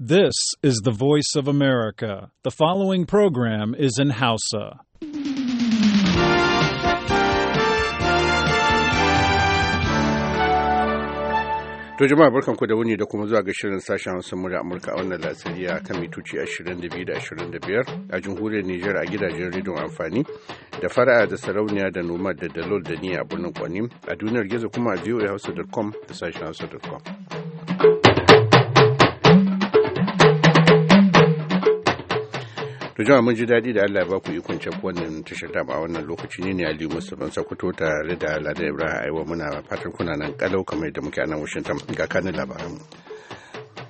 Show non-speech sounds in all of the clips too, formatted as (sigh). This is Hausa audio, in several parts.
This is the voice of America. The following program is in Hausa. To jama'a barkanku da wuni da kuma zuwa ga shirin sashen Hausa da Amurka a wannan latsariya kan mituci 22 da 25 a jamhuriyar Nijar a gidajen rediyon amfani da fara'a da sarauniya da noma da dalol da niyya a birnin Kwani a duniyar gizo kuma a voahausa.com da sashen hausa.com. to jama'a mun ji daɗi da Allah ba ku ce cek wannan tashar a wannan lokaci ne ne Aliyu ban Sakuto tare da Lada Ibrahim Aiwa muna fatan kuna nan kalau kamar da muke a nan Washington ga kanin labaran.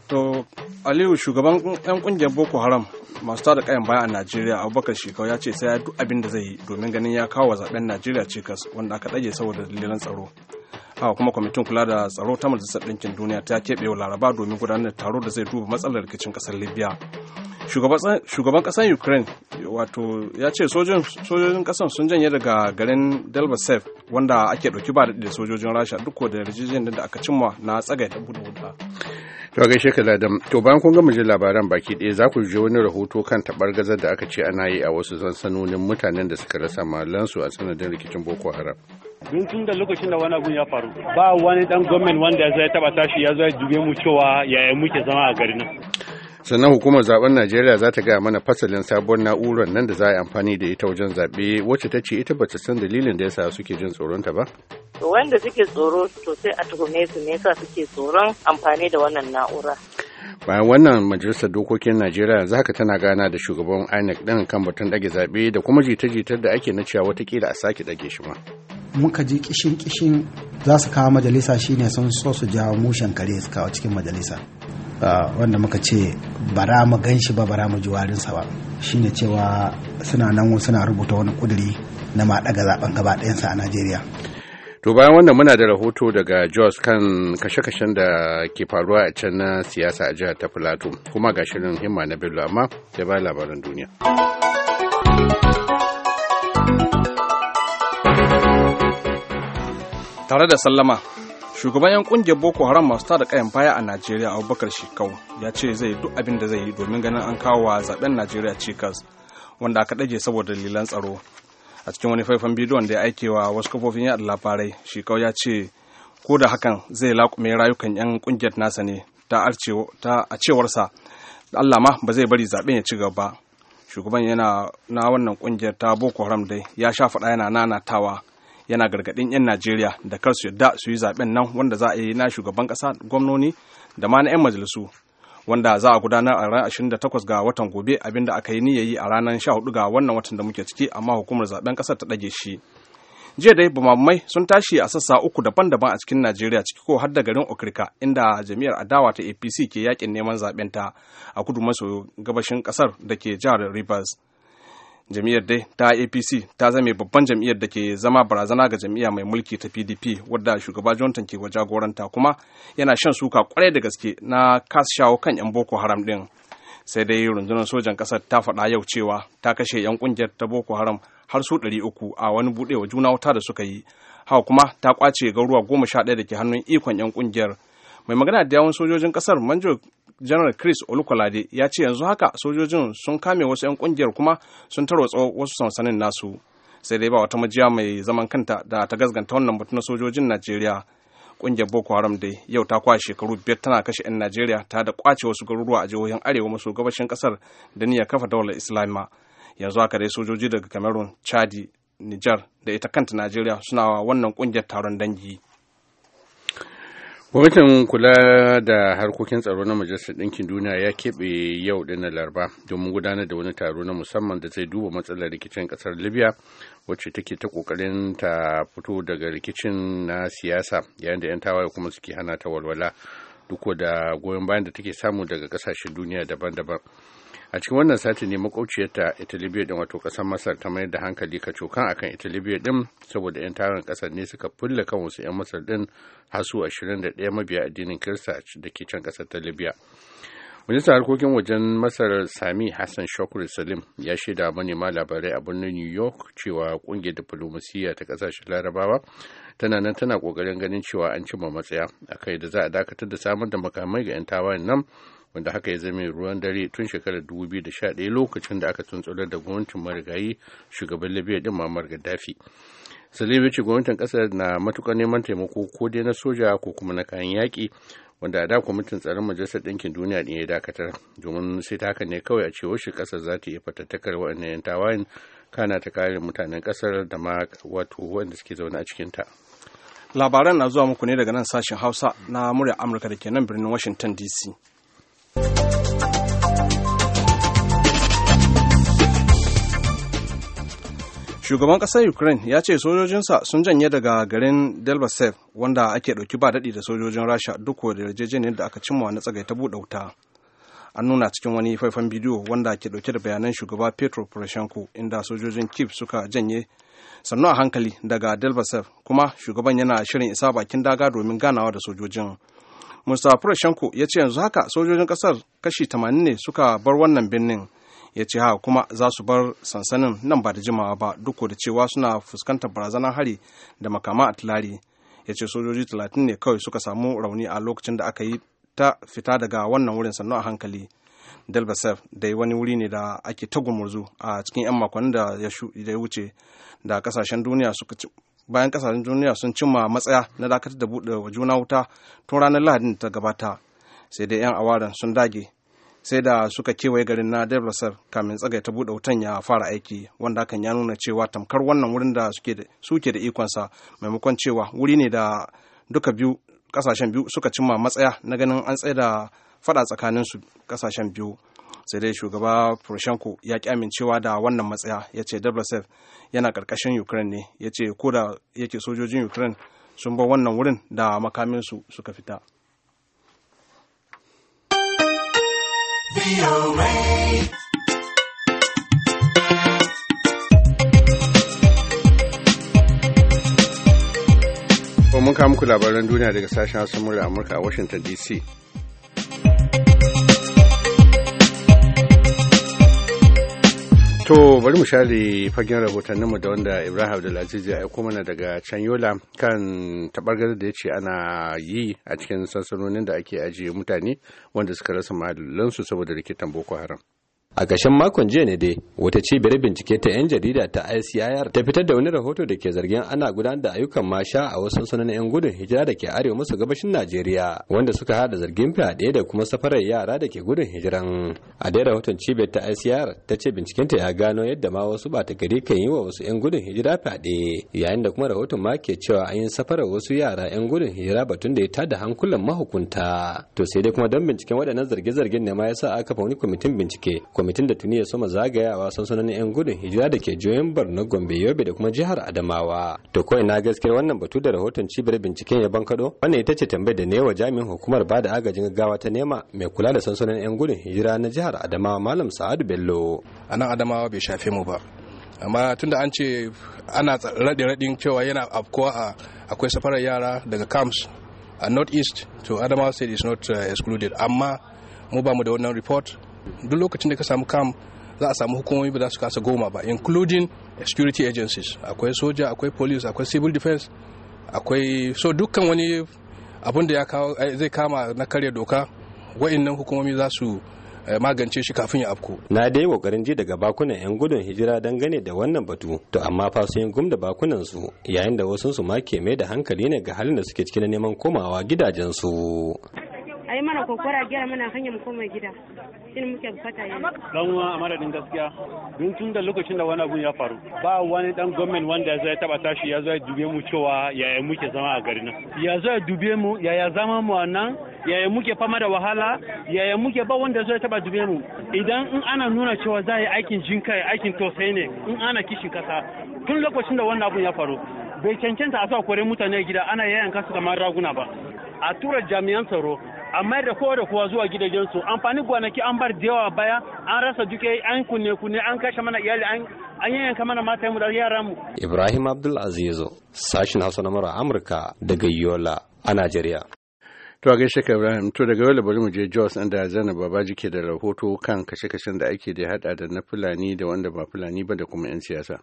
To Aliyu shugaban 'yan kungiyar Boko Haram masu tada kayan baya a Najeriya Abubakar Shekau ya ce sai ya duk abin da zai yi domin ganin ya kawo zaben Najeriya cikas wanda aka ɗage saboda dalilan tsaro. Haka kuma kwamitin kula da tsaro ta Majalisar Ɗinkin Duniya ta keɓe wa Laraba domin gudanar da taro da zai duba matsalar rikicin ƙasar Libya. shugaban kasar ukraine wato ya ce sojojin kasar sun janye daga garin delbasev wanda ake ɗauki ba da sojojin rasha duk da yarjejeniyar da aka cimma na tsagaita buɗe wuta to shekaru ka ladam to bayan kun gama jin labaran baki ɗaya za ku je wani rahoto kan tabar gazar da aka ce ana yi a wasu sansanonin mutanen da suka rasa malansu a sanadin rikicin boko haram dun tun da lokacin da wani abun ya faru ba wani dan gwamnati wanda ya zai taba tashi ya zai dube mu cewa yaya muke zama a garin nan sannan hukumar zaben najeriya za ta gaya mana fasalin sabon na'urar nan da za a yi amfani da ita wajen zabe wacce ta ce ita ba ta san dalilin da yasa suke jin tsoron ta ba wanda suke tsoro to sai a tuhume su me yasa suke tsoron amfani da wannan na'ura bayan wannan majalisar dokokin najeriya za ka tana gana da shugaban inec din kan batun dage zaɓe da kuma jita-jitar da ake na cewa watakila a sake dage shi ma muka ji kishin kishin za su kawo majalisa shine sun so su jawo mushen kare su kawo cikin majalisa Ah, wanda muka ce bara mu gan ba bara mu ji warinsa ba shine cewa suna nan suna rubuta wani kuduri na ma daga zaben gaba ɗayansa a najeriya to bayan wannan muna da rahoto daga jos kan kashe-kashen da ke faruwa a can na siyasa a jihar ta plateau kuma ga shirin himma na bello amma sai bayan labaran duniya tare da sallama shugaban 'yan kungiyar boko haram masu tada kayan baya a najeriya abubakar shekau ya ce zai duk abin da zai yi domin ganin an kawo wa zaben najeriya cikas wanda aka ɗage saboda dalilan tsaro a cikin wani faifan bidiyon da ya aike wa wasu kafofin yada labarai shekau ya ce ko da hakan zai laƙume rayukan 'yan kungiyar nasa ne ta a cewarsa allah ma ba zai bari zaben ya ci gaba shugaban yana na wannan kungiyar ta boko haram dai ya sha faɗa yana nanatawa yana gargaɗin 'yan najeriya da kar su yadda su yi zaben nan wanda za a yi na shugaban ƙasa gwamnoni da ma na 'yan majalisu wanda za a gudanar a ranar 28 ga watan gobe abinda aka yi niyayi a ranar 14 ga wannan watan da muke ciki amma hukumar zaben ƙasar ta ɗage shi jiya dai bamamai sun tashi a sassa uku daban-daban a cikin najeriya ciki ko har da garin okirka inda jami'ar adawa ta apc ke yakin neman zaben ta a kudu maso gabashin kasar da ke jihar rivers jam'iyyar dai ta apc ta zame babban jam'iyyar da ke zama barazana ga jam'iyya mai mulki ta pdp wadda shugaba jonathan ke jagoranta kuma yana shan suka kwarai da gaske na kasa shawo kan 'yan boko haram din sai dai rundunar sojan kasar ta faɗa yau cewa ta kashe 'yan kungiyar ta boko haram har su ɗari uku a wani buɗewa juna wuta da suka yi hawa kuma ta kwace garuruwa goma sha ɗaya da ke hannun ikon 'yan kungiyar mai magana da yawon sojojin kasar manjo janar chris olukolade ya ce yanzu haka sojojin sun kame wasu 'yan kungiyar kuma sun tarwatsa wasu sansanin nasu sai dai ba wata majiya mai zaman kanta da ta gasganta wannan batu na sojojin najeriya kungiyar boko haram dai yau ta kwashe shekaru biyar tana kashe 'yan najeriya ta da kwace wasu garuruwa a jihohin arewa maso gabashin kasar da niyyar kafa daular islamiyya yanzu haka dai sojoji daga cameroon chadi niger da ita kanta najeriya suna wannan kungiyar taron dangi kwamitin kula da harkokin tsaro na majalisar ɗinkin duniya ya keɓe yau ɗin na laraba domin gudanar da wani taro na musamman da zai duba matsalar rikicin ƙasar libya wacce take ta ƙoƙarin ta fito daga rikicin na siyasa yayin da 'yan tawaye kuma suke hana ta walwala duk da goyon bayan da take samu daga ƙasashen duniya daban-daban a cikin wannan sati ne makwabciyarta ita libya din wato kasar masar ta mayar da hankali ka cokan akan ita libya din saboda yan taron kasar ne suka fulla kan wasu yan masar din hasu da 21 mabiya addinin kirista da ke can kasar ta libya ministan harkokin wajen masar sami hassan shakur salim ya shaida manema labarai a birnin new york cewa kungiyar diflomasiyya ta kasashen larabawa tana nan tana kokarin ganin cewa an cimma matsaya a kai da za a dakatar da samar da makamai ga 'yan tawayen nan wanda haka ya zame ruwan dare tun shekarar 2011 lokacin da aka tuntsular da gwamnatin marigayi shugaban libya din mamar gaddafi salim ya ce gwamnatin kasar na matukar neman taimako ko dai na soja ko kuma na kayan yaki wanda a da kwamitin tsaron majalisar ɗinkin duniya ne ya dakatar domin sai ta haka ne kawai a ce wasu kasar za ta iya fatattakar waɗannan yan tawayen kana ta kare mutanen kasar da ma wato wanda suke zaune a cikinta. labaran na zuwa muku ne daga nan sashen hausa na murya amurka da ke nan birnin washington dc shugaban ƙasar ukraine ya ce sojojinsa sun janye daga garin delbasev wanda ake ɗauki ba daɗi da sojojin rasha duk da yarjejeniyar da aka cimma na tsagaita buɗe wuta an nuna cikin wani faifan bidiyo wanda ke ɗauke da bayanan shugaba petro poroshenko inda sojojin kiev suka janye sannu a hankali daga delbasev kuma shugaban yana shirin isa bakin daga domin ganawa da sojojin mustapha poroshenko ya ce yanzu haka sojojin kasar kashi 80 ne suka bar wannan birnin ya ce ha kuma za su bar sansanin nan ba da jimawa ba duk da cewa suna fuskantar barazanar hari da makama a atilari ya ce sojoji 30 ne kawai suka samu rauni a lokacin da aka yi ta fita daga wannan wurin sannu a hankali delbasef dai wani wuri ne da ake ta gumurzu a cikin 'yan makonnin da ya wuce da kasashen duniya suka bayan kasashen duniya sun cimma matsaya na dakatar da buɗe wa juna wuta tun ranar lahadin da ta gabata sai dai 'yan awaran sun dage sai da suka kewaye garin na deblasar kamin tsagai ta buɗe wutan ya fara aiki wanda hakan ya nuna cewa tamkar wannan wurin da suke da ikonsa maimakon cewa wuri ne da duka biyu kasashen biyu suka cimma matsaya na ganin an tsaye da fada su kasashen biyu sai dai shugaba poroshenko ya ki amincewa da wannan matsaya ya ce wsf yana karkashin ukraine ne ya ce ko da yake sojojin ukraine sun bar wannan wurin da makaminsu suka fita mun kawo muku labaran duniya daga sashen hasamura amurka a washington dc To bari mu share fagen rahotanninmu da wanda Ibrahim Abdulaziz ya aiko mana daga can Yola kan tabargar da ya ce ana yi a cikin sansanonin da ake ajiye mutane wanda suka rasa mahallinsu saboda rikitan Boko Haram. a ƙarshen makon jiya ne dai wata cibiyar bincike ta 'yan jarida ta icir ta fitar da wani rahoto da ke zargin ana gudanar da ayyukan masha a wasu sunan 'yan gudun hijira da ke arewa musu gabashin najeriya wanda suka hada zargin fyaɗe da kuma safarar yara da ke gudun hijiran a dai rahoton cibiyar ta icir ta ce bincikenta ya gano yadda ma wasu ɓata gari kan yi wa wasu 'yan gudun hijira fyaɗe yayin da kuma rahoton ma ke cewa an yi safarar wasu yara 'yan gudun hijira batun da ya tada hankulan mahukunta to sai dai kuma don binciken waɗannan zarge-zargen ne ma ya sa aka fa wani kwamitin bincike kwamitin da tuni ya soma zagayawa sunan 'yan gudun hijira da ke joyin borno gombe yobe da kuma jihar adamawa to kawai na gaske wannan batu da rahoton cibiyar binciken ya bankado wannan ita ce tambayar da newa jami'in hukumar ba da agajin gaggawa ta nema mai kula da sansanin 'yan gudun hijira na jihar adamawa malam sa'adu bello a nan adamawa bai shafe mu ba amma tunda an ce ana raɗe raɗin cewa yana afkuwa a akwai safarar yara daga camps a north east to adamawa state is not uh, excluded amma mu ba mu da wannan report duk lokacin da ka samu kam za a samu hukumomi ba za su kasa goma ba including security agencies akwai soja akwai police akwai civil defense akwai so dukkan wani abin da eh, zai kama na karya doka wa'annan hukumomi za su eh, magance shi kafin ya afko. Na dai kokarin ji daga bakunan 'yan gudun hijira dangane da wannan batu, to amma fa sun gum da bakunan su yayin da wasu su ma ke mai da hankali ne ga halin da suke cikin neman komawa gidajensu. a yi mana kokora gyara mana hanyar mu koma gida shi muke bukata yanzu dan uwa a madadin gaskiya don tun da lokacin da wani abun ya faru ba wani dan gwamnati wanda ya ya taba tashi ya zo ya dube mu cewa yaya muke zama a garin nan ya zo ya dube mu yaya zama mu a nan yaya muke fama da wahala yaya muke ba wanda zai taba dube mu idan in ana nuna cewa za a yi aikin jinkai, aikin tausayi ne in ana kishin kasa tun lokacin da wannan abun ya faru bai cancanta a sa kore mutane gida ana yayan kasu kamar raguna ba a tura jami'an tsaro amma da kowa da kowa zuwa gidajensu amfani gwanaki an bar da yawa baya an rasa duke an kunne kunne an kashe mana iyali an yi yanka mana mata mu da yaran mu Ibrahim Abdul Azizo sashin Hausa na mara Amurka daga Yola a Najeriya To a gaishe ka Ibrahim to daga Yola bari mu je Jos inda Zainab Babaji ke da rahoto kan kashe-kashen da ake da hada da na Fulani da wanda ba Fulani ba da kuma 'yan siyasa.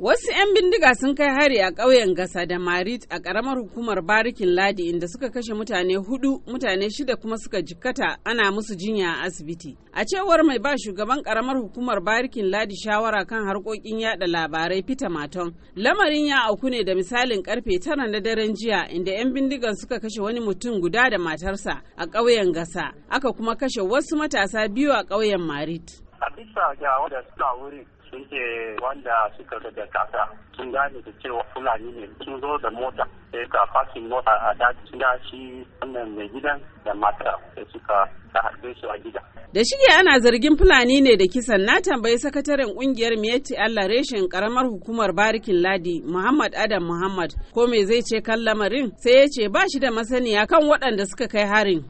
Wasu 'yan bindiga sun kai hari a ƙauyen Gasa da Marit a ƙaramar hukumar Barikin Ladi inda suka kashe mutane hudu, mutane shida kuma suka jikkata ana musu jinya a asibiti. A cewar mai ba shugaban ƙaramar hukumar Barikin Ladi shawara kan harkokin yada labarai fita Maton, lamarin ya auku ne da misalin karfe tara na daren jiya inda 'yan bindigan suka kashe wani mutum guda da matarsa a ƙauyen Gasa, aka kuma kashe wasu matasa biyu a ƙauyen Marit. A bisa ga wanda suna wurin sun ce wanda suka da kasa sun gane da cewa fulani ne sun zo da mota sai ka fasin mota a daji da shi wannan mai gidan da mata da suka ta harbe su a gida. Da shige ana zargin fulani ne da kisan na tambayi sakataren kungiyar Miyatti Allah reshen karamar hukumar Barikin Ladi Muhammad Adam Muhammad ko me zai ce kan lamarin sai ya ce ba shi da masaniya kan waɗanda suka kai harin.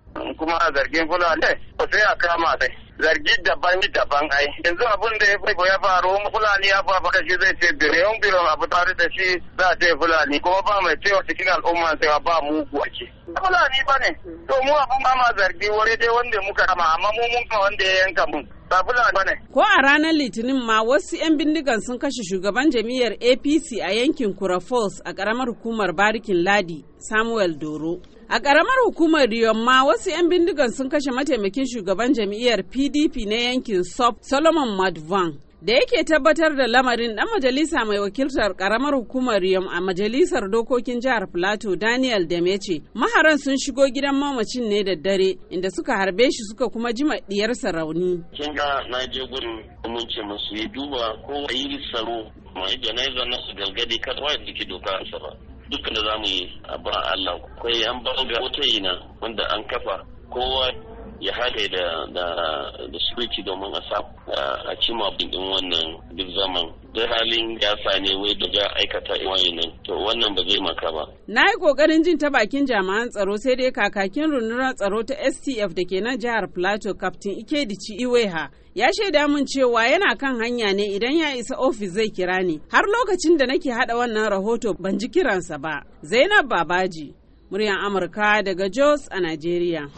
Kuma zargin fulani ko sai a kama dai. zargi daban daban ai yanzu abin da ya faifo ya faru fulani ya fafa kashi zai ce bireyon bireyon abu tare da shi za a ce fulani kuma ba mai cewa cikin al'umma sai ba mugu ake fulani ba ne to mu abin ba ma zargi wuri dai wanda muka kama amma mu mun ka wanda ya yanka mun ba fulani ba ne. ko a ranar litinin ma wasu 'yan bindigan sun kashe shugaban jami'ar apc a yankin kura falls a karamar hukumar barikin ladi samuel doro A ƙaramar hukumar yamma wasu 'yan bindigan sun kashe mataimakin shugaban jam'iyyar PDP na yankin Sop Solomon Madvan. Da yake tabbatar da lamarin ɗan majalisa mai wakiltar ƙaramar hukumar Riyom a majalisar dokokin jihar Plateau Daniel Demeche, maharan sun shigo gidan mamacin ne da dare inda suka harbe shi suka kuma jima diyarsa rauni. Kin ga na je gurin mun ce musu yi duba ko yi tsaro mai na su galgadi kada wa doka ba. dukkan da za mu yi a ba Allah akwai an ga wata na wanda an kafa kowa ya haɗe da da security domin a sa a cima bindin wannan duk zaman duk halin sa ne wai da ga aikata nan to wannan ba zai maka ba na yi kokarin jin ta bakin jami'an tsaro sai dai kakakin rundunar tsaro ta stf da ke nan jihar plateau captain ci iweha ya shaida mun cewa yana kan hanya ne idan ya isa ofis zai kira ni har lokacin da nake hada wannan rahoto ban ji kiransa ba zainab babaji muryan amurka daga jos a nigeria.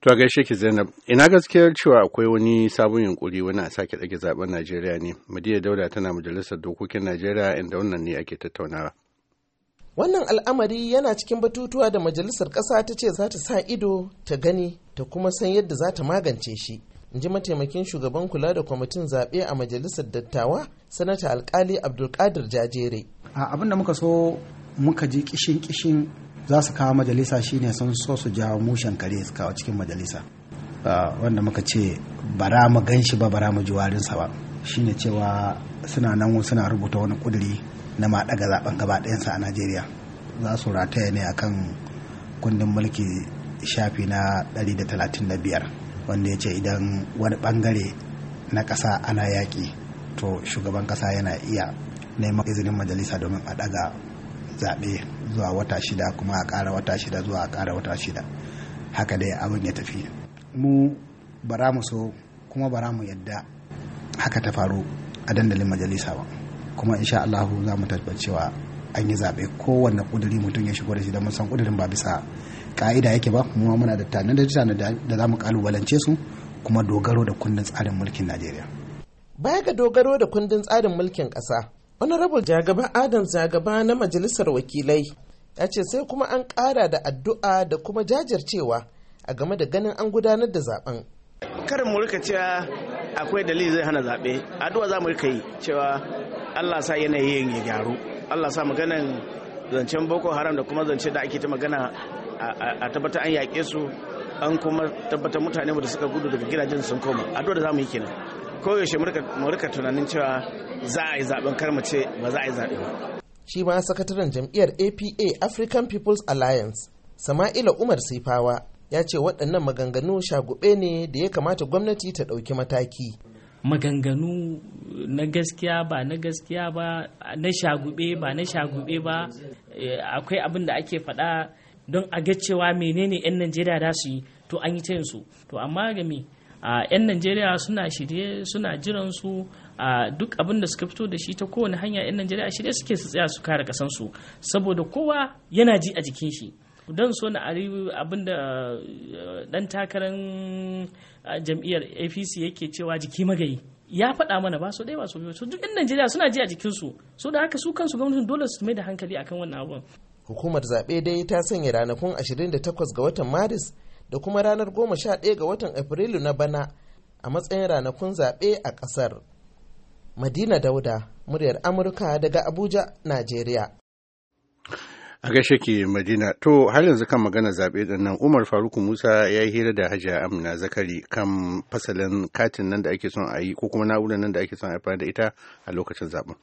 To gaishe ki Zainab, ina gaskiyar cewa akwai wani sabon yunkuri wani a sake ɗage zaben Najeriya ne. madiya Dauda tana majalisar dokokin Najeriya inda wannan ne ake tattaunawa. Wannan al'amari yana cikin batutuwa da majalisar ƙasa ta ce za ta sa ido ta gani ta kuma san yadda za ta magance shi. In ji mataimakin shugaban kula da kwamitin zaɓe a majalisar dattawa, sanata alkali Abdulkadir Jajere. Abin da muka so muka je kishin kishin za su kawo majalisa shine sun so su jawo mushen kare su kawo cikin majalisa ah, wanda muka ce bara mu gan shi ba bara mu juwarinsa ba shine cewa suna nan suna rubuta wani kuduri na ma daga zaben gaba ɗayansa a najeriya za su rataya ne akan kundin mulki shafi na 135 wanda ya ce idan wani bangare na ƙasa ana yaƙi to shugaban ƙasa yana iya neman izinin majalisa domin a daga zaɓe zuwa wata shida kuma a ƙara wata shida zuwa a ƙara wata shida haka dai abin ya tafi mu bara mu so kuma bara mu yadda haka ta faru a dandalin majalisa ba kuma insha Allah za mu tabbacewa an yi zaɓe kowanne ƙuduri mutum ya shigo da shi da mun san ƙudurin ba bisa ka'ida yake ba kuma muna da tanan da da za mu kalubalance su kuma dogaro da kundin tsarin mulkin Najeriya. Baya ga dogaro da kundin tsarin mulkin ƙasa, honorable jagaba adam jagaba na majalisar wakilai ya ce sai kuma an kara da addu'a da kuma jajircewa a game da ganin an gudanar da zaben Karin mu rika cewa akwai dalili zai hana zaɓe addu'a za mu rika yi cewa allah sa yanayin ya gyaru allah sa maganan zancen boko haram da kuma zance da ake ta magana a tabbatar an yaƙe su an kuma tabbatar mutane da suka gudu daga gidajen sun koma addu'a da za mu yi kenan koyaushe mu tunanin cewa za a yi zaben kar mu ce ba za a yi zaɓe ba shi ma sakataren jam'iyyar apa african people's alliance sama'ila umar sifawa ya ce waɗannan maganganu shagube ne da ya kamata gwamnati ta ɗauki mataki maganganu na gaskiya ba na gaskiya ba na shagube ba na shagube ba eh, akwai abin da ake faɗa don a ga cewa menene 'yan najeriya za su yi to an yi ta su to amma ga me a 'yan najeriya suna shirye suna jiran su a duk abin da suka fito da shi ta kowane hanya 'yan najeriya shirye suke su tsaya su kare kasansu saboda kowa yana ji a jikin shi don so na abin da dan eh, takarar jam'iyyar apc yake cewa jiki magayi ya faɗa mana ba so ɗaya ba so biyu duk 'yan najeriya suna ji a jikinsu so da haka su kansu gwamnatin dole su mai da hankali akan wannan abun hukumar zaɓe dai ta sanya ranakun 28 ga watan maris da kuma ranar 11 ga watan Afrilu na bana a matsayin ranakun zaɓe a ƙasar. Madina Dauda, muryar Amurka daga Abuja, Najeriya. A gashe ke Madina, to har yanzu kan magana zaɓe ɗin nan Umar Faruku Musa ya yi hira da Hajiya Amina Zakari kan fasalin katin nan da ake son a yi ko kuma na'urar nan da ake son a da ita a lokacin zaɓen.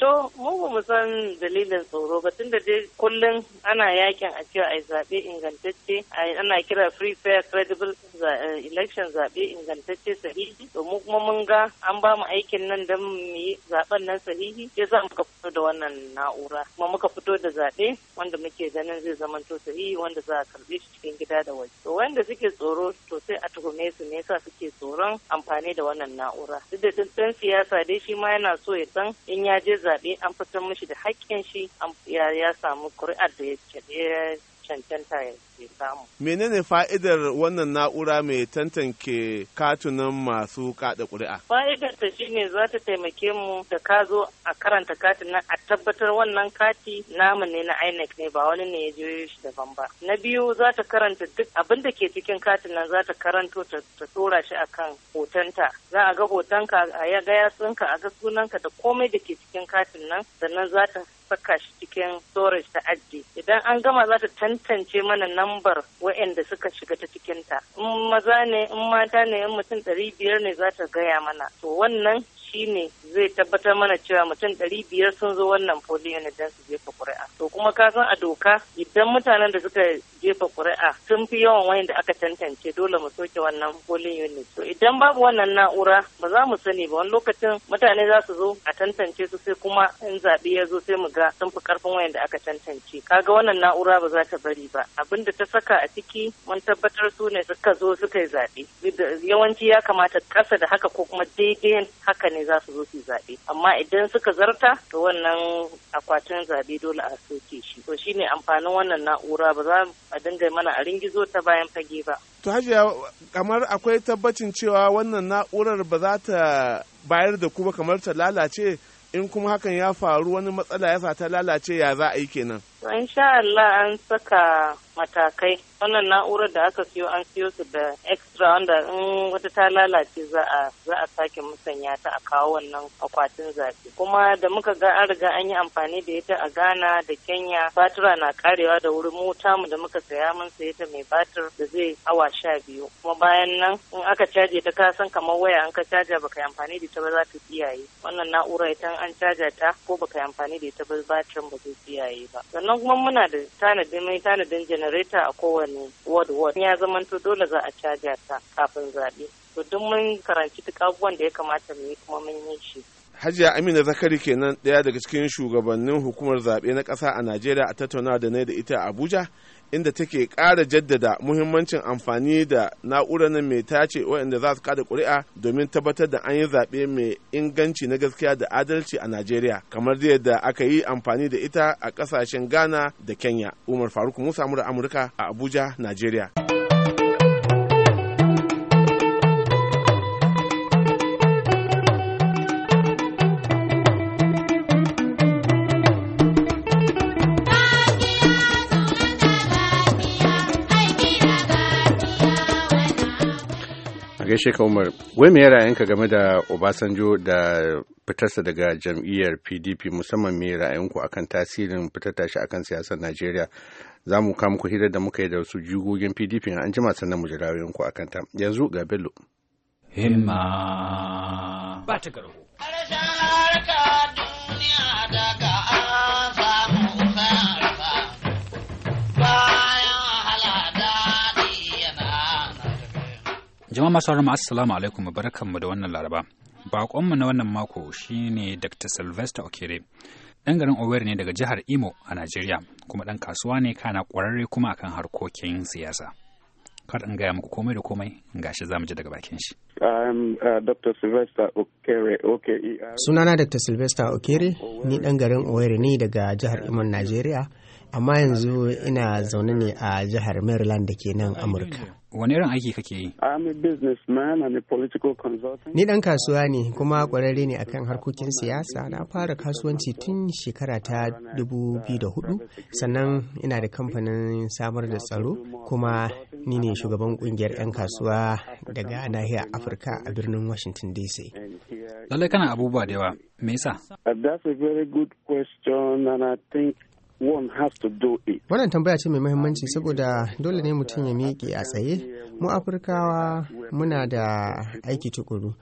To, mu ba mu san dalilin tsoro ba tun da dai kullum ana yakin a cewa a zaɓe ingantacce, ana kira free fair credible eh, election zaɓe ingantacce sahihi, to mu kuma mun ga an ba mu aikin nan don mu yi zaɓen nan sahihi, ya za muka fito da wannan na'ura, kuma muka fito da zaɓe wanda muke ganin zai to sahihi wanda za a karɓe shi cikin gida da waje. To wanda suke tsoro to sai a tuhume su ne sa suke tsoron amfani da wannan na'ura. Duk da siyasa dai shi ma yana so ya san in ya je zaɓe zaɓe an fitar mashi da haƙƙin shi ya samu ƙuri'ar da ya cancanta ya samu. Menene fa'idar wannan na'ura mai tantanke katunan masu kada kuri'a? Fa'idar ta ne za ta taimake mu da ka zo a karanta katin a tabbatar wannan kati namu ne na INEC ne ba wani ne ya je shi daban ba. Na biyu za ta karanta duk abin da ke cikin katin nan za ta karanto ta tsora shi a kan hotonta. Za a ga hotonka a ga yatsunka a ga sunanka da komai da ke cikin katin sannan za ta saka shi cikin storage ta ajiye idan an gama za ta tantance mana nambar waɗanda suka shiga ta cikinta in maza ne in mata ne in mutum ɗari biyar ne za ta gaya mana to wannan shine zai tabbatar mana cewa mutum ɗari biyar sun zo wannan polling unit don su jefa ƙuri'a to kuma ka san a doka idan mutanen da suka jefa ƙuri'a sun fi yawan wayan da aka tantance dole mu soke wannan polling ne. to idan babu wannan na'ura ba za mu sani ba wani lokacin mutane za su zo a tantance su sai kuma in zaɓe ya zo sai mu ga sun fi ƙarfin wayan da aka tantance kaga wannan na'ura ba za ta bari ba abin da ta saka a ciki mun tabbatar su ne suka zo suka yi zaɓe yawanci ya kamata ƙasa da haka ko kuma daidai haka ne za su zo su zaɓe amma idan suka zarta to wannan akwatin zaɓe dole a soke shi to shine amfanin wannan na'ura ba za a dinga mana a ringizo ta bayan fage ba to hajiya kamar akwai tabbacin cewa wannan na'urar ba za ta bayar da kuma kamar ta lalace in kuma hakan ya faru wani matsala ya sa ta lalace ya za a yi kenan in sha Allah an saka matakai wannan na'urar da aka siyo an siyo su da extra wanda in wata ta lalace za a sake musanya ta a kawo wannan akwatin zafi. kuma da muka ga an riga an yi amfani da ita a Ghana da Kenya batura na karewa da wurin mota mu da muka saya mun saye ta mai batir da zai awa sha biyu kuma bayan nan in aka caje ta ka san kamar waya an ka caja baka yi amfani da ita ba za ta tsiyaye wannan na'ura ita an caja ta ko baka yi amfani da ita ba batirin ba zai tsiyaye ba sannan sannan kuma muna da tanadin mai tanadin janareta a kowane ward ward ya zamanto dole za a caja ta kafin zaɓe to duk mun karanci duk abubuwan da ya kamata mu yi kuma mun yi shi Hajiya Amina Zakari kenan ɗaya daga cikin shugabannin hukumar zaɓe na ƙasa a Najeriya a tattauna da ne da ita a Abuja inda take ƙara jaddada muhimmancin amfani da na'urar nan mai tace waɗanda za su kada ƙuri'a domin tabbatar da an yi zaɓe mai inganci na gaskiya da adalci a Najeriya kamar yadda aka yi amfani da ita a ƙasashen Ghana da Kenya. Umar Faruk Musa Amurka a Abuja, Najeriya. a gaishe ka umar wai me ra'ayinka game da obasanjo da fitarsa daga jam'iyyar pdp musamman me ra'ayinku akan tasirin fitar tashi akan siyasar najeriya za mu kama ku hirar da muka yi da su jigogin pdp an jima sannan mu ku a ta yanzu ga bello himma ba ta garo Jama'a masu haramu assalamu alaikum mu da wannan laraba. Bakonmu na wannan mako shine Dr. Sylvester Okere. Ɗan garin Owerri ne daga jihar Imo a Najeriya, kuma ɗan kasuwa ne kana ƙwararre kuma akan harkokin siyasa. kar in gaya muku komai da komai gashi za mu ji daga bakin shi. Uh, e e. Sunana Dr. Sylvester Okere, ni ɗan garin Owerri ne daga jihar Imon, Najeriya, amma yanzu ina zaune ne a jihar Maryland da ke nan Amurka. wani irin aiki kake yi? I'm a businessman and political consultant. Ni ɗan kasuwa ne kuma kwararre ne akan harkokin siyasa. Na fara kasuwanci tun shekara ta 2004 sannan ina da kamfanin samar da tsaro kuma ni ne shugaban ƙungiyar 'yan kasuwa daga nahiyar Afirka a birnin Washington DC. Lallai kana abubuwa da yawa. Me yasa? Uh, that's very good question one Wannan tambaya ce mai mahimmanci saboda dole ne mutum ya miƙe a tsaye. Mu Afirkawa muna da aiki tukuru.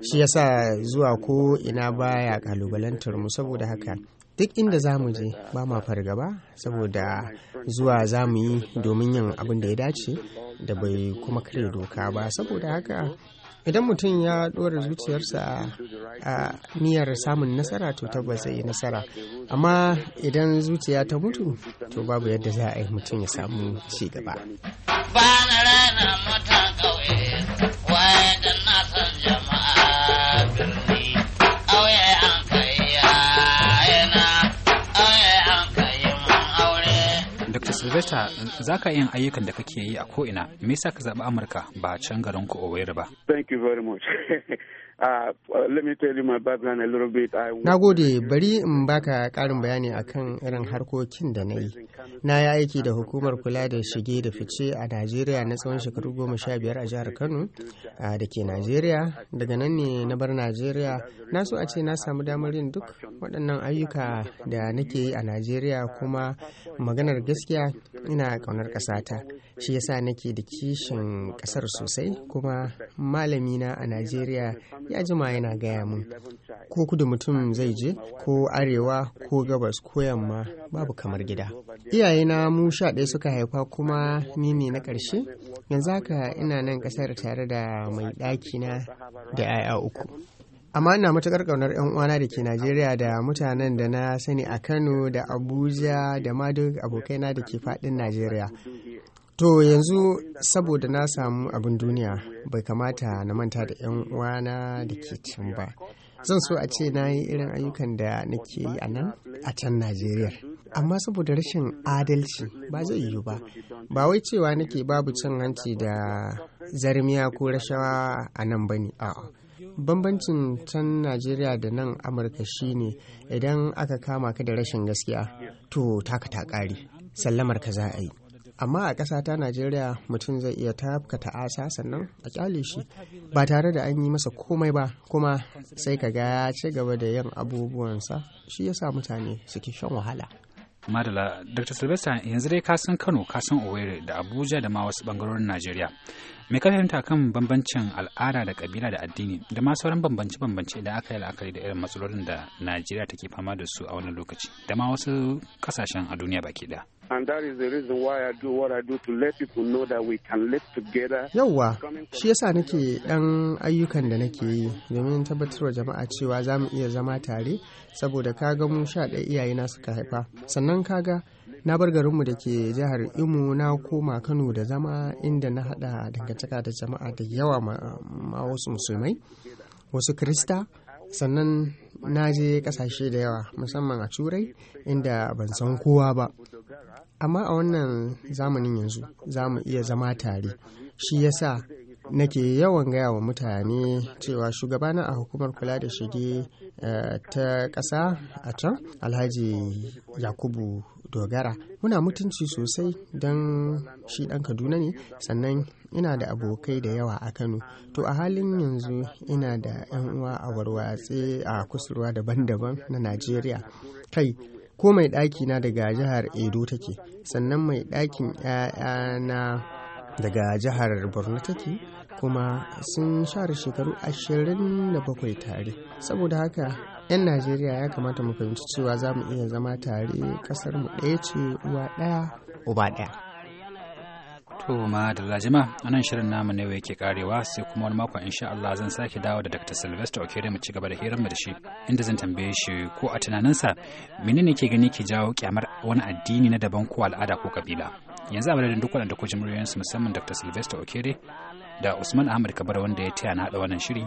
Shi yasa zuwa ko ina baya kalubalantar mu saboda haka duk inda za mu je ba ma fargaba saboda zuwa za mu yi domin yin abin da ya dace da bai kuma karya doka ba saboda haka idan mutum ya ɗora zuciyarsa a niyyar samun nasara to tabbas zai yi nasara amma idan zuciya ta mutu to babu yadda za a yi mutum ya samu ci gaba. Sylvester za ka yin ayyukan da kake yi a ko'ina, me yasa ka zaɓi Amurka ba can garin ku Owerri ba? Thank you very much. (laughs) Uh, uh, na gode, bari in baka ƙarin bayani akan irin harkokin da na yi. Na yi aiki da hukumar kula da shige da fice a Najeriya na tsawon shekaru goma sha biyar a jihar Kano uh, da ke Najeriya. Daga nan ne na bar Najeriya. Na so a ce na samu damar yin duk waɗannan ayyuka da nake yi a Najeriya kuma maganar gaskiya ina ƙaunar ƙasata. Shi yasa nake da kishin ƙasar sosai kuma malamina a Najeriya ya jima yana gaya mun ko kudu mutum zai je ko arewa ko gabas ko yamma babu kamar gida iyayena mu sha ɗaya suka haifa kuma ni ne na ƙarshe yanzu haka ina nan ƙasar tare da mai ɗakina da 'ya'ya uku amma ina matuƙar ƙaunar 'yan uwana da ke najeriya da mutanen da na sani a kano da abuja da ma duk abokaina da ke faɗin najeriya To yanzu saboda na samu abin duniya bai kamata na manta da 'yan uwana da ke can ba. Zan so a ce na yi irin ayyukan da nake yi a nan a can Najeriya. Amma saboda rashin adalci ba zai yiwu ba. Ba wai cewa nake babu cin hanci da zarmiya ko rashawa a nan bane a'a. Bambancin can Najeriya da nan Amurka shine idan aka kama ka da rashin gaskiya to taka ta ƙare sallamar ka za a yi. amma a ƙasa ta najeriya mutum zai iya tafka ta'asa sannan a kyale shi ba tare da an yi masa komai ba kuma sai ka ga ya ci gaba da yin abubuwansa shi ya sa mutane suke shan wahala madala dr sylvester yanzu dai ka san kano ka san owerri da abuja da ma wasu bangarorin najeriya me ka fahimta kan bambancin al'ada da kabila da addini da ma sauran bambance-bambance da aka yi la'akari da irin matsalolin da najeriya take fama da su a wannan lokaci da ma wasu kasashen a duniya baki da. And that is the reason why I do what I do to let people know that we can live together. Yawwa, shi yasa nake ɗan ayyukan da nake yi domin tabbatar wa jama'a cewa za mu iya zama tare saboda kaga mu sha ɗaya iyaye na suka haifa. Sannan kaga na bar garinmu da ke jihar imo na koma kano da zama inda na hada dangantaka da jama'a da yawa ma wasu musulmai wasu krista sannan na je kasashe da yawa musamman a turai inda ban san kowa ba amma a wannan zamanin yanzu za mu iya zama tare shi yasa nake yawan gaya wa mutane cewa shugabana a hukumar kula da shige eh, ta ƙasa a can alhaji yakubu dogara muna mutunci sosai don shi ɗan kaduna ne sannan ina da abokai da yawa a kano to a halin yanzu ina da 'yan uwa a warwatse a kusurwa daban-daban na najeriya kai ko mai ɗaki na daga jihar edo take sannan mai ɗakin 'ya'ya na daga jihar borno take kuma sun share shekaru 27 tare saboda haka 'yan najeriya ya kamata mu fahimci cewa za mu iya zama tare kasar mu ɗaya ce uwa ɗaya uba ɗaya to ma da lajima anan shirin namu ne yake karewa sai kuma wani makon insha Allah zan sake dawo da Dr. Sylvester Okere mu ci gaba da hirar mu da shi inda zan tambaye shi ko a tunaninsa menene ke gani ke jawo kyamar wani addini na daban ko al'ada ko kabila yanzu a madadin duk waɗanda ko jimuriyoyinsu musamman Dr. Sylvester Okere da Usman Ahmad Kabar wanda ya taya na haɗa wannan shiri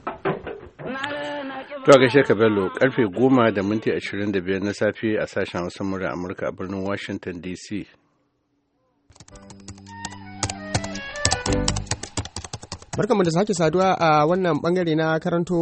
To gaishe ka Bello karfe goma da minti ashirin da biyar na safe a sashen Hausa murya Amurka a birnin Washington DC. mu da sake saduwa a wannan bangare na karanto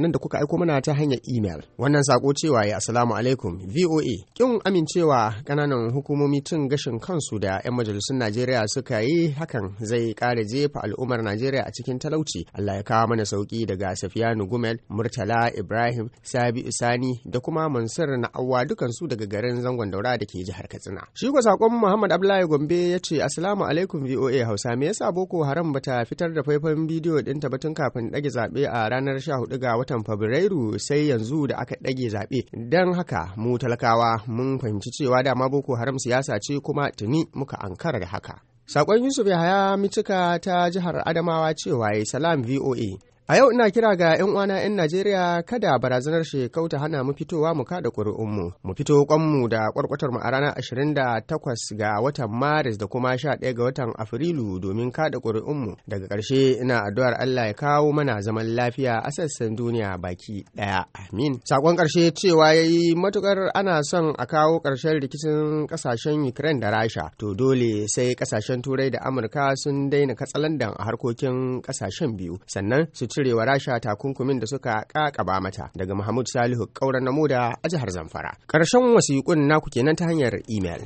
nan da kuka aiko mana ta hanyar email. Wannan sako cewa ya assalamu alaikum VOA. Kin amincewa kananan hukumomi cin gashin kansu da 'yan majalisun Najeriya suka yi hakan zai kara jefa al'ummar Najeriya a cikin talauci. Allah ya kawo mana sauki daga Safiyanu Gumel, Murtala Ibrahim, sabi' Sani da kuma Mansur Na'awa dukansu daga garin Zangon Daura da ke jihar Katsina. Shi sakon Muhammad Abdullahi Gombe ya ce assalamu alaikum VOA Hausa me yasa Boko Haram bata fitar da faifan bidiyo ɗinta batun kafin ɗage zaɓe a ranar 14 ga watan Fabrairu sai yanzu da aka ɗage zaɓe. Don haka mu talakawa mun fahimci cewa dama Boko Haram siyasa ce kuma tuni muka ankara da haka. Sakon Yusuf Yahaya Micika ta jihar Adamawa cewa salam VOA A yau ina kira ga 'yan uwana 'yan Najeriya kada barazanar shi kauta hana mu fitowa mu kada ƙuri'unmu. Mu fito kwanmu da ƙwarƙwatar mu a ranar 28 ga watan Maris da kuma 11 ga watan Afrilu domin kada ƙuri'unmu. Daga ƙarshe ina addu'ar Allah ya kawo mana zaman lafiya a sassan duniya baki ɗaya. Amin. Sakon ƙarshe cewa ya yi matuƙar ana son a kawo ƙarshen rikicin ƙasashen Ukraine da Rasha. To dole sai ƙasashen Turai da Amurka sun daina katsalandan a harkokin ƙasashen biyu. Sannan su cirewa rasha takunkumin da suka kakaba mata daga mahmud salihu kauran da a jihar zamfara karshen wasiƙun naku kenan ta hanyar imel.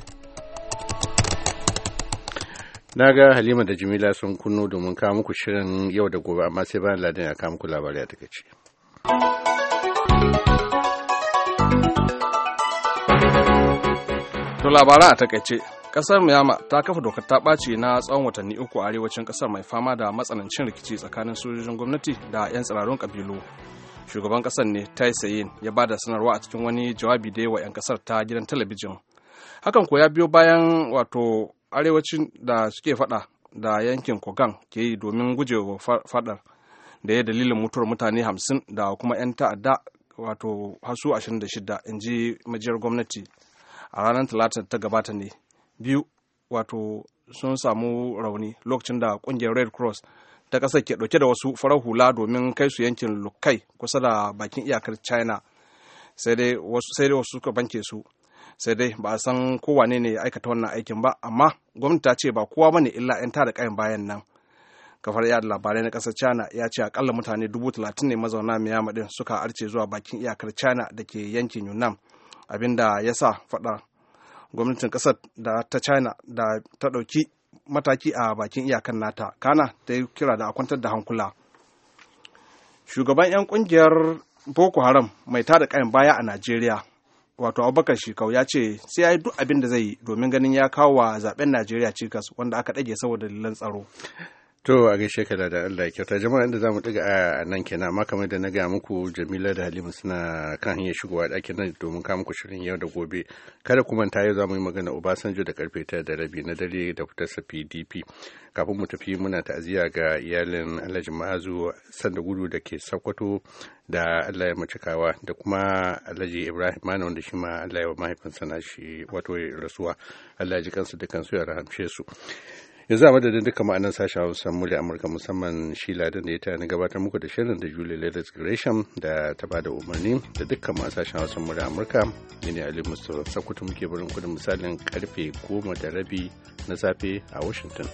na ga halima da jimila sun kunno domin kawo muku shirin yau da gobe amma sai bayan ladan ya kawo muku labarai a takaice. to labaran a takaice kasar miyama ta kafa dokar ta ɓace na tsawon watanni uku a arewacin kasar mai fama da matsanancin rikici tsakanin sojojin gwamnati da 'yan tsirarun kabilu shugaban kasar ne tai ya ba da sanarwa a cikin wani jawabi da wa 'yan kasar ta gidan talabijin hakan ko ya biyo bayan wato arewacin da suke fada da yankin kogan ke yi domin gujewa fadar da ya dalilin mutuwar mutane hamsin da kuma 'yan ta'adda wato hasu 26 in ji majiyar gwamnati a ranar talata ta gabata ne biyu wato sun samu rauni lokacin da kungiyar red cross ta ƙasar ke ɗauke da wasu farar hula domin kai su yankin lukai kusa da bakin iyakar china sai dai wasu suka banke su sai dai ba a san kowane ne ya aikata wannan aikin ba amma gwamnati ta ce ba kowa bane illa 'yan tada kayan bayan nan kafar yada labarai na ƙasar china ya ce akalla mutane dubu talatin ne mazauna miyama din suka arce zuwa bakin iyakar china da ke yankin yunnan abinda ya sa fada. gwamnatin kasar da ta china da ta ɗauki mataki a bakin iyakan nata kana ta yi kira da a kwantar da hankula shugaban 'yan kungiyar boko haram mai tada kayan baya a najeriya wato abubakar shekau ya ce sai ya yi duk abin da zai yi domin ganin ya kawo wa zaben najeriya cikas wanda aka ɗage saboda dalilan tsaro To a gaishe ka da Allah kyauta jama'a inda zamu ɗiga a nan kenan amma kamar da na gaya muku Jamila da Halima suna kan hanyar shigowa ɗakin nan domin ka muku shirin yau da gobe kada ku manta yau zamu yi magana Obasanjo da karfe tara da rabi na dare da sa PDP kafin mu tafi muna ta'aziyya ga iyalin Alhaji Ma'azu Sanda Gudu da ke Sokoto da Allah ya macikawa da kuma Alhaji Ibrahim Mana da shi ma Allah ya mahaifinsa na shi wato rasuwa Allah ya ji kansu da su ya rahamshe su. yanzu a madadin duka ma'anar sashen hausa murya amurka musamman shi ladan da ya tayar gabatar muku da shirin da julie ladies gresham da ta bada umarni da dukkan ma'anar sashen hausa murya amurka ni ne ali mustapha sakutu muke barin kudin misalin karfe goma da rabi na safe a washington